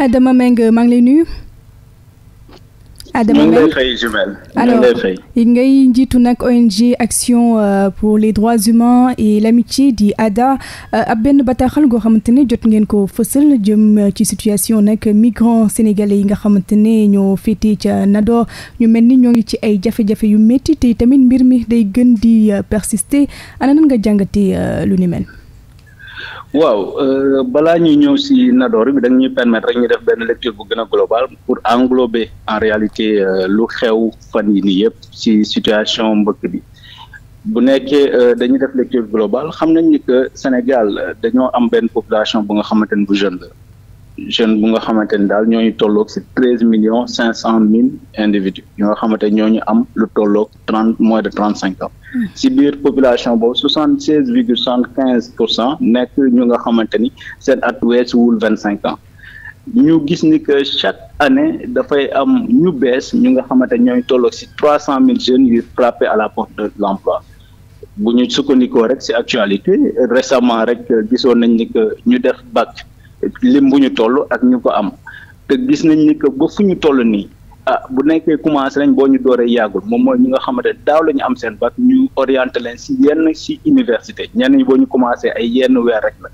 Adama Mbengue euh, maa ngi lay nuyu. Adama Mbengue alors ngay njiitu nag ONG Action euh, pour les droits humains et l'amitié di ADHA euh, ab benn bataaxal goo xamante ne jot ngeen ko fësal jëm ci situation nag migrants sénégalais yi nga xamante ne ñoo féetee ca Nador ñu mel ni ñoo ngi ci ay jafe-jafe yu métti te tamit mbir mi day gën di persister ana nga nga jàngatee lu ni mel. waaw euh, balaa ñuy ñëw si nadoor bi da nga ñuy permettre rek ñu def benn lecture bu gën a global pour englober en réalité euh, lu xew fan yi nii yëpp si situation mbëkk bi bu nekkee euh, dañuy def lecture globale xam nañ ni que Sénégal dañoo am benn population bu nga xamante ne bu jeune la jeune bu nga xamante ni daal ñooñu tolloog si treize millions cinq cent mille individus yi nga xamante ñooñu am lu tolloog trente mois de trent cinq ans hmm. si biir population boobu soixante seize virgule soixante quinze pour cent nekk ñu nga xamante ni seen at weesuwul vingt cinq ans ñu gis ni que chaque année dafay am ñu bees ñu nga xamante ñooy tolloog ci trois cent mille jeunes yu frappé à la porte de l'emploi bu ñu sukkandikoo rek ci actualité récemment rek gisoon nañ ni que ñu def bac lim bu ñu toll ak ñu ko am te gis nañ ni que ba fu ñu toll nii ah bu nekkee commencé nañ boo ñu dooree yàggul moom mooy ñi nga xamante daaw la ñu am seen bac ñu orienté leen si yenn si université ñenn ñi boo ñu commencé ay yenn weer rek la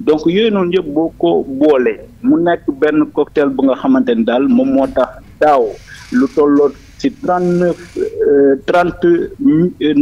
donc yooyu noonu yëpp boo ko boolee mu nekk benn cocktail bu nga xamante ni daal moom moo tax daaw lu tolloo si trente neuf euh, trente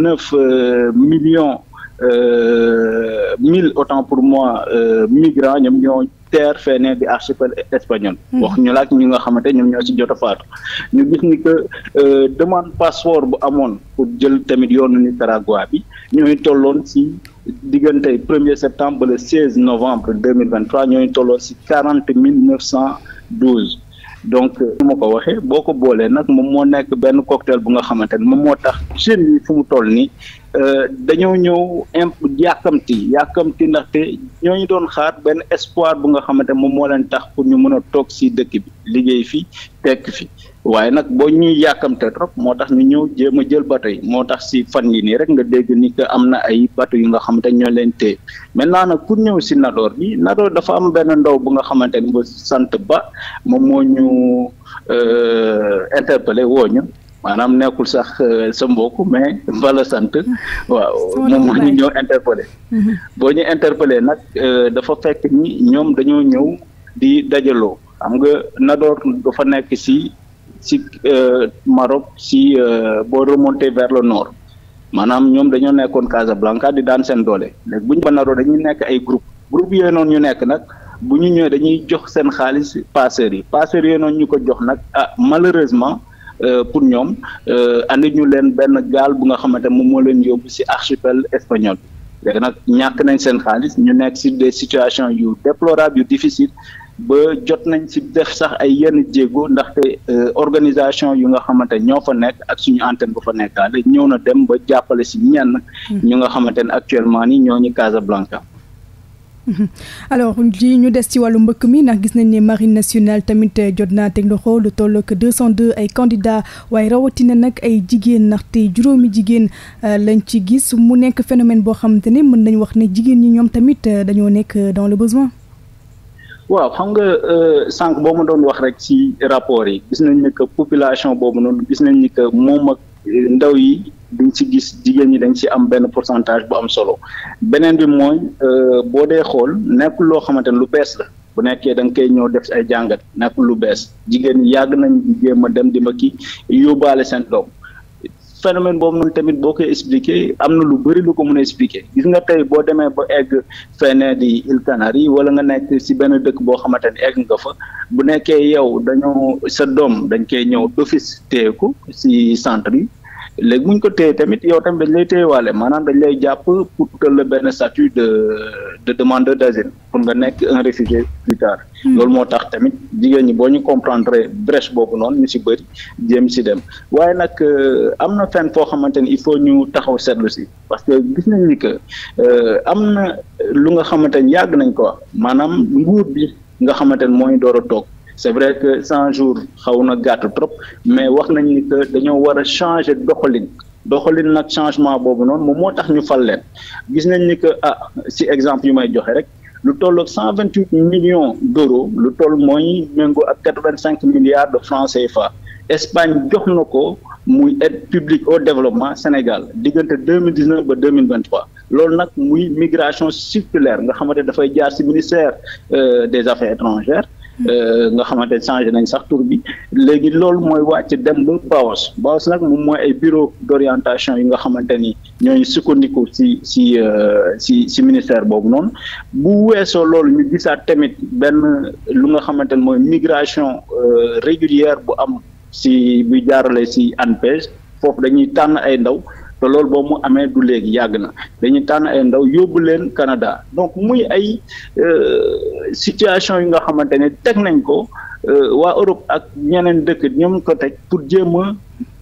neuf euh, millions euh, mille autant pour moi migrants ñoom ñoo terre feneen di archipel espagnol hmm. wax ñu laak ñu nga xamante ñoom ñoo ci jot a faatu ñu gis ni que euh, demande passeport bu amoon pour jël tamit yoonu Nicaragua bi ñooy tolloon ci diggante premier septembre ba le 16 novembre 2023 ñooy tolloon ci quarante mille neuf cent douze donc euh, nu ma ko waxee boo ko boolee nag moom moo nekk benn cocktail bu nga xamante ne moom moo tax jeunes yi fu mu toll nii Euh, dañoo ñëw imp yàkkamti yàkkamti ndaxte ñooñu doon xaar benn espoir bu nga xamante moom moo leen tax pour ñu mën a toog si dëkk bi liggéey fi tekk fi waaye nag boo ñuy yàkkamte trop moo tax ñu ñëw jéem a jël bato yi moo tax si fan yi nii rek nga dégg ni que am na ay bato yu nga xamante ñoo leen téye maintenant nag ku ñëw si nadoor bi Nador dafa am benn ndaw bu nga xamante ni ba sant ba moom moo ñu euh, interpellé woo ñu maanaam nekkul sax euh, sa mbokk mais bala sant waaw moom moo ñu ñëw interpellé boo ñu interpellé nag euh, dafa fekk ni ñoom dañoo ñëw di dajaloo xam nga Nador dafa nekk si si euh, Maroc si boo remonté vers le nord maanaam ñoom dañoo nekkoon Casablanca di daan seen doole léegi bu ñu ba Nador dañuy nekk ay groupe groupe yooyu noonu ñu nekk nag bu ñu ñëwee dañuy jox seen xaalis passeurs yi passeurs yooyu noonu ñu ko jox nag ah malheureusement Euh, pour ñoom euh, andi ñu leen benn gaal bu nga xamante moom moo leen yóbbu ci archipel espagnol léegi nag ñàkk nañ seen xaalis ñu nekk ci des situations yu déplorables yu difficile ba jot nañ ci def sax ay yenn jéego ndaxte euh, organisation yu nga xamante ñoo fa nekk ak suñu antenne bu fa nekkaale ñëw na dem ba jàppale ci ñenn mm. ñu nga xamante ne actuellement ni ñoo ñu Casablanca Mhm. alors li ñu des ci wàllu mbëkk mi ndax gis nañ ne marine nationale tamit eh, jot naa teg loxo lu toll ak 202 ay candidats waaye rawatina nag ay jigéen te juróomi jigéen eh, lañ ci gis mu nekk phénomène boo xamante ne mën nañ wax ne jigéen ñi ñoom tamit eh, dañoo nekk dans le besoin. waaw xam nga euh, sànq boobu ma doon wax rek ci rapport yi gis nañ ni que population boobu noonu gis nañ ni que moom ak ndaw yi duñ ci gis jigéen ñi dañ ci am benn pourcentage bu am solo beneen bi mooy euh, boo dee xool nekkul loo xamante ne lu bees la bu nekkee da nga koy ñëw def ay jàngat nekkul lu bees jigéen ñi yàgg nañ di jéem dem di ma ki yóbbaale seen doom phénomène boobu noonu tamit boo koy expliquer am na lu bëri lu ko mun a expliquer gis nga tey boo demee ba egg fenee di îles Canaries wala nga nekk ci benn dëkk boo xamante ne egg nga fa bu nekkee yow dañoo sa doom dañ koy ñëw d'office téye ko ci centre léegi bu ñu ko téye tamit yow tamit dañ lay téyewaale maanaam dañ lay jàpp pour utal la benn statut de de demandeur d'asile pour nga nekk un réfugié plus tard. Hmm. loolu moo tax tamit jigéen ñi boo ñu comprendre brèche boobu noonu ñu si bëri jéem si dem waaye nag euh, am na fenn foo xamante ni il faut ñu taxaw seetlu si parce que gis nañ ni que euh, am na lu nga xamante ni yàgg nañ ko maanaam nguur bi nga xamante ni moo ñu door a toog. c'est vrai que cent jours xaw na gàtt trop mais wax nañ ni que dañoo war a changer doxalin doxalin nag changement boobu noonu moom moo tax ñu fal leen gis nañ ni que ah si exemple yu may joxe rek lu toll ak vingt huit millions d'euros lu toll mooy méngoo ak quatre vingt cinq milliards de francs CFA Espagne jox na ko muy aide publique au développement Sénégal diggante deux mille dix ba deux mille vingt loolu nag muy migration circulaire nga xamante dafay jaar ci ministère euh, des affaires étrangères Euh, nga xamante ne changé nañ sax tur bi léegi loolu mooy wàcc dem ba BAOS BAOS nag moom mooy ay bureau d'orientation yi nga xamante ni ñooy sukkandiku si si si si ministère boobu noonu bu weesoo loolu ñu gisaat tamit benn lu nga xamante ni mooy migration euh, régulière bu am si buy jaarale si ANPEJ foofu dañuy tànn ay ndaw te loolu boo mu amee du léegi yàgg na dañuy tànn ay ndaw yóbbu leen Canada donc muy ay euh, situation yi nga xamante ne teg nañ ko euh, waa Europe ak ñeneen dëkk ñoom ko teg pour jéem a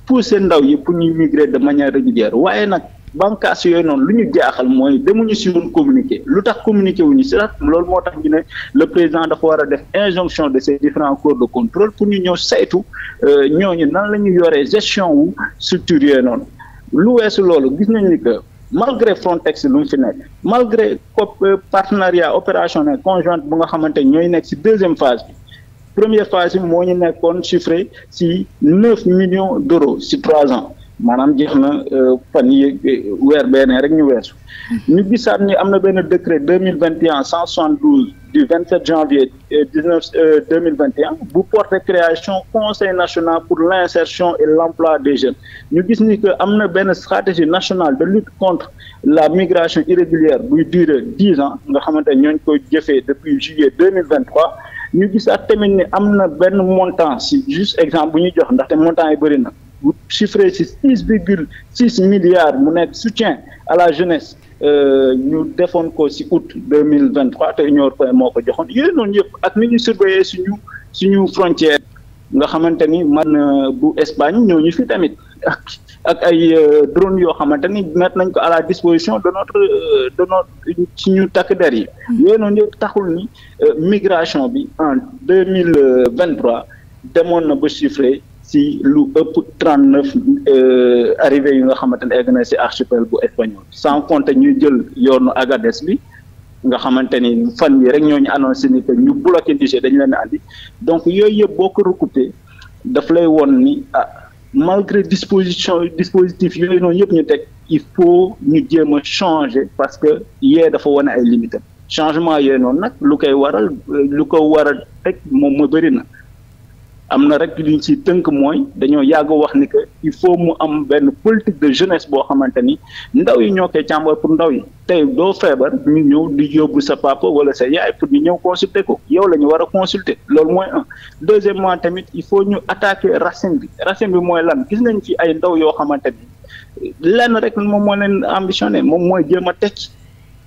pousser ndaw yi pour ñuy migrer de manière régulière waaye nag bànqaas yooyu noonu lu ñu jaaxal mooy demuñu si woon communiqué lu tax communiqué wuñu si rat loolu moo tax ñu ne le président dafa war a def injonction de ces différents corps de contrôle pour ñu ñëw saytu euh, ñooñu nan lañu ñu yoree gestion wu structure yooyu noonu lu weesu loolu gis nañu ni que malgré Frontex lu mu fi nekk malgré euh, partenariat opération opérationnel conjointe bu nga xamante ñooy nekk ci deuxième phase bi première phase bi moo ñu nekkoon chiffré ci neuf millions d'euros ci trois ans maanaam jeex na euh, fan yi euh, weer beneen rek ñu weesu ñu gisaat ni am na benn décret deux mille vingt et un cent soixante douze du vingt janvier euh, mille vingt et bu porte création conseil national pour l' insertion et l' des jeunes ñu gis ni que am na benn stratégie nationale de lutte contre la migration irrégulière buy durer dix ans nga xamante ñooñ koy jëfee depuis juillet deux mille vingt trois ñu gisaat tamit ni am na benn montant si juste exemple bu ñu jox ndaxte montant yi bëri na bu chiffré ci six virgule six milliards mu nekk soutien à la jeunesse euh, ñu defoon ko ci août deux mille vingt trois te Union européenne moo ko joxoon yooyu noonu yëpp ak ni ñu surveiller suñu suñu frontière nga xamante ni man euh, bu Espagne ñoo ñu fi tamit ak ak ay euh, drone yoo xamante ni mettre nañ ko à la disposition de notre de notre ci ñu takk der yi mm. yooyu noonu yëpp taxul ni migration bi en deux mille vingt trois demoon na ba chiffré si lu ëpp trente neuf euh, arrivé yi nga xamante ne egg na si archipel bu espagnol sans compter ñuy jël yoonu agades bi nga xamante ni fan yi rek ñooñu annoncé ni que ñu bloqué Niger dañu leen andi donc yooyu yëpp boo ko recoupé daf lay woon ni ah malgré disposition dispositif yooyu noonu yëpp ñu teg il faut ñu jéem a changer parce que yee dafa wane ay limitam changement yooyu noonu nag lu koy waral lu ko war a teg moom moo bëri na am na rek liñ ci tënk mooy dañoo yàgg wax ni que il faut mu am benn politique de jeunesse boo xamante ni ndaw yi ñoo koy càmbar pour ndaw yi tey doo feebar ñu ñëw di yóbbu sa papa wala sa yaay pour ñu ñëw consulter ko yow la ñu war a consulter loolu mooy un deuxièmement tamit il faut ñu attaquer racine bi racine bi mooy lan gis nañ ci ay ndaw yoo xamante ni lenn rek moom moo leen ambitionné moom mooy jéem a tecc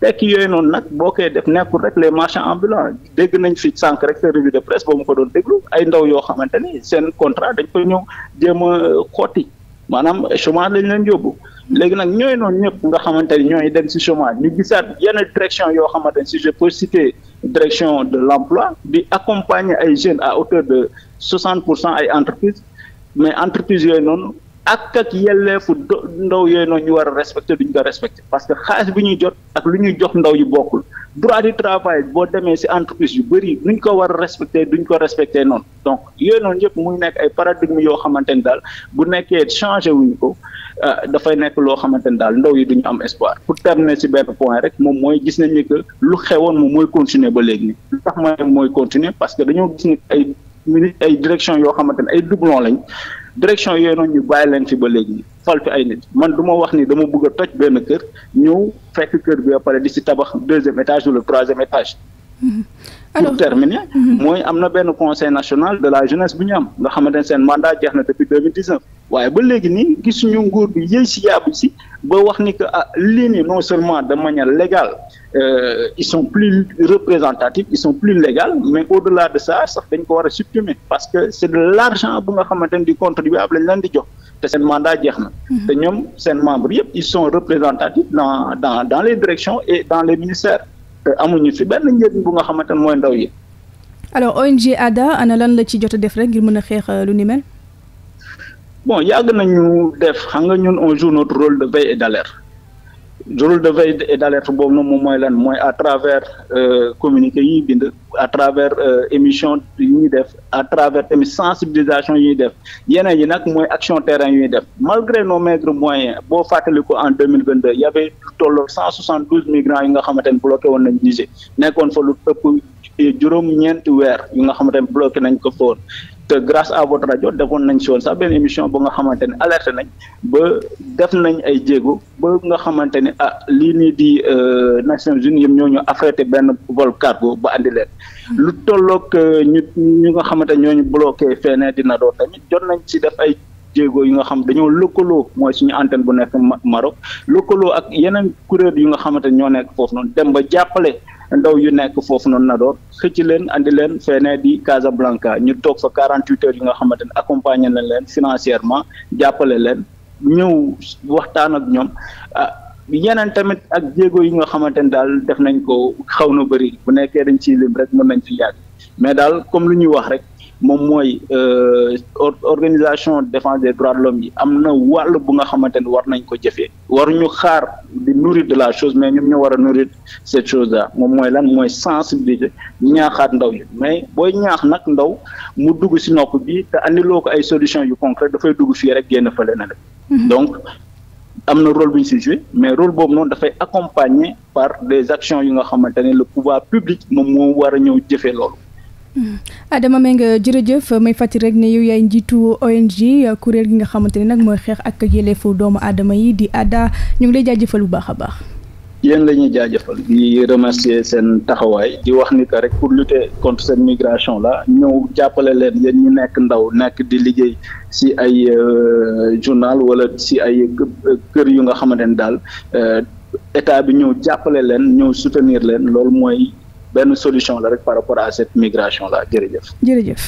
tekki yooyu noonu nag boo koy def nekkul rek les marchands ambulants dégg nañ fi sànq rek sa revue de presse boo mu ko doon déglu ay ndaw yoo xamante ni seen contrat dañ koy ñëw jéem a euh, xotti maanaam chômage lañ leen yóbbu léegi nag ñooy noonu ñëpp nga xamante ni ñooy dem ci chômage ñu gisaat yenn direction yoo xamante ni si je peux citer direction de l'emploi di accompagner ay jeunes à hauteur de soixante pour cent ay entreprises mais entreprises yooyu noonu ak ak yelleefu ndaw yee noonu ñu war a respecté ñu ko respecté parce que xaalis bi ñuy jot ak lu ñuy jox ndaw yu bokkul droit du travail boo demee ci entreprise yu bëri ñu ko war a respecté duñ ko respecté noonu donc yooyu noonu yëpp muy nekk ay paradigme yoo xamante ni daal bu nekkee changé wuñ ko euh, dafay nekk loo xamante ni daal ndaw yi duñu am espoir pour terminer ci benn point rek moom mooy gis nañ ni lu xewoon moom mooy continuer ba léegi ni lu tax ma mooy continuer parce que dañoo gis ni ay ay yoo xamante ne ay doublon lañ direction yooyu noonu ñu bàyyi leen fi ba léegi fal fi ay nit man duma wax ni dama bugg a toj benn kër ñëw fekk kër bi ba pare di si tabax deuxième étage ou le troisième étage alors pour terminer. Mhm. mooy am na benn conseil national de la jeunesse bu ñu am nga xamante ne seen mandat jeex na depuis deux mille dix neuf waaye ba léegi nii gisuñu nguur bi yëy si yaabu si ba wax ni que ah lii nii non seulement de manière légale euh, ils sont plus représentatifs ils sont plus légaux mais au-delà de ça sax dañ ko war a supprimer parce que c'est de l'argent bu nga xamante ne du contribuable lañ leen di jox te seen mandat jeex na. Mhm. te ñoom seen membres yëpp ils sont représentatifs dans dans dans les directions et dans les ministères. amuñu si benn njëriñ bu nga xamante ne mooy ndaw yi. alors ONG ADHA ana lan la ci jot def rek ngir mën a xeex euh, lu ni mel. bon yàgg nañu def xam nga ñun on joue notre rôle de veille et d'alerte jour de veille et d'alerte boobu noonu moom mooy lan mooy à travers euh, communiqué yi ñuy bind à travers euh, émission yi ñuy def à travers tamit sensibilisation yi def yeneen yi nag mooy action terrain yi ñuy def malgré nos maigres moyens boo fàttali ko en deux mille vingt deux y avait tolloo cent soixante yi nga xamante ne bloqué woon na Niger nekkoon fa lu ëpp juróom-ñeenti weer yi nga xamante ne bloqué nañ ko foon te grâce à votre rajo defoon nañ si woon sax benn émission bu nga xamante ne alerte nañ ba def nañ ay jéego ba nga xamante ne ah lii nii di euh, Nations unis yëpp ñoo ñu affrété benn vol cargo ba andi leen. lu tollook euh, ñu ñu nga xamante ne ñooñu bloqué feneen dina doon tamit jot nañ si def ay. jéego yi nga xam dañoo lëkkaloo mooy suñu antenne bu nekk Maroc lëkkaloo ak yeneen kuréel yu nga xamante ñoo nekk foofu noonu dem ba jàppale ndaw yu nekk foofu noonu na door xëcc leen indi leen fene di Casablanca ñu toog fa 48 heures yi nga xamante ne accompagner nañ leen financièrement jàppale leen ñëw waxtaan ak ñoom ah yeneen tamit ak jéego yi nga xamante ne daal def nañ ko xaw na bëri bu nekkee dañ ciy lim rek mën nañ fi yàgg mais daal comme lu ñuy wax rek moom mooy euh, organisation défense des droits de l'homme yi am na wàll bu nga xamante war nañ ko jëfee waruñu xaar di nourrir de la chose mais ñoom ñoo war a nourrir cette chose là moom mooy lan mooy sensibiliser ñaaxaat ndaw yi mais booy ñaax nag ndaw mu dugg ci nokk bi te andiloo ko ay solution yu concret dafay dugg fii rek génn fële na am na rôle bu ñu si joué mais rôle boobu noonu dafay accompagné par des actions yu nga xamante ne le pouvoir public moom moo war a ñëw jëfee loolu. Hmm. Adama Mbengue jërëjëf may fàttali rek ne yow yaay njiitu ONG kuréel gi nga xamante ne nag mooy xeex ak yelleefu doomu aadama yi di ADHA ñu ngi lay jaajëfal bu baax a baax. yéen la ñuy jaajëfal di remercier seen taxawaay di wax ni que rek pour lutter contre cette migration la ñëw jàppale leen yéen ñu nekk ndaw nekk di liggéey si ay euh, journal wala si ay kër yu nga xamante ne daal euh, état bi ñëw jàppale leen ñëw soutenir leen loolu mooy benn solution la rek par rapport à cette migration là jërëjëf. jërëjëf.